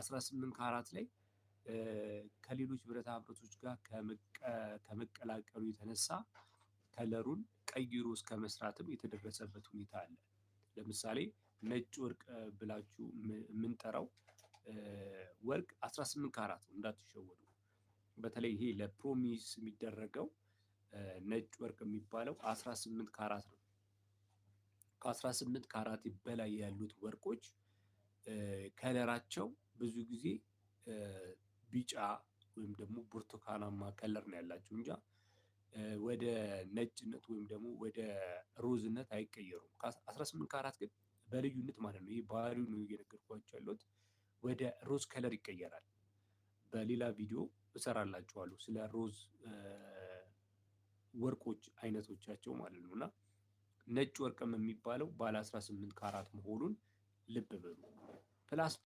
18 ከአራት ላይ ከሌሎች ብረታ ብረቶች ጋር ከመቀላቀሉ የተነሳ ከለሩን ቀይሮ እስከ መስራትም የተደረሰበት ሁኔታ አለ። ለምሳሌ ነጭ ወርቅ ብላችሁ የምንጠራው ወርቅ 18 ካራት ነው፣ እንዳትሸወዱ። በተለይ ይሄ ለፕሮሚስ የሚደረገው ነጭ ወርቅ የሚባለው 18 ካራት ነው። ከ18 ካራት በላይ ያሉት ወርቆች ከለራቸው ብዙ ጊዜ ቢጫ ወይም ደግሞ ብርቱካናማ ከለር ነው ያላቸው እንጂ ወደ ነጭነት ወይም ደግሞ ወደ ሮዝነት አይቀየሩም። ከ18 ካራት ግን በልዩነት ማለት ነው ይህ ባህሪው ነው እየነገርኳቸው ያሉት ወደ ሮዝ ከለር ይቀየራል። በሌላ ቪዲዮ እሰራላችኋለሁ ስለ ሮዝ ወርቆች አይነቶቻቸው ማለት ነው። እና ነጭ ወርቅም የሚባለው ባለ 18 ካራት መሆኑን ልብ በሉ። ፕላስ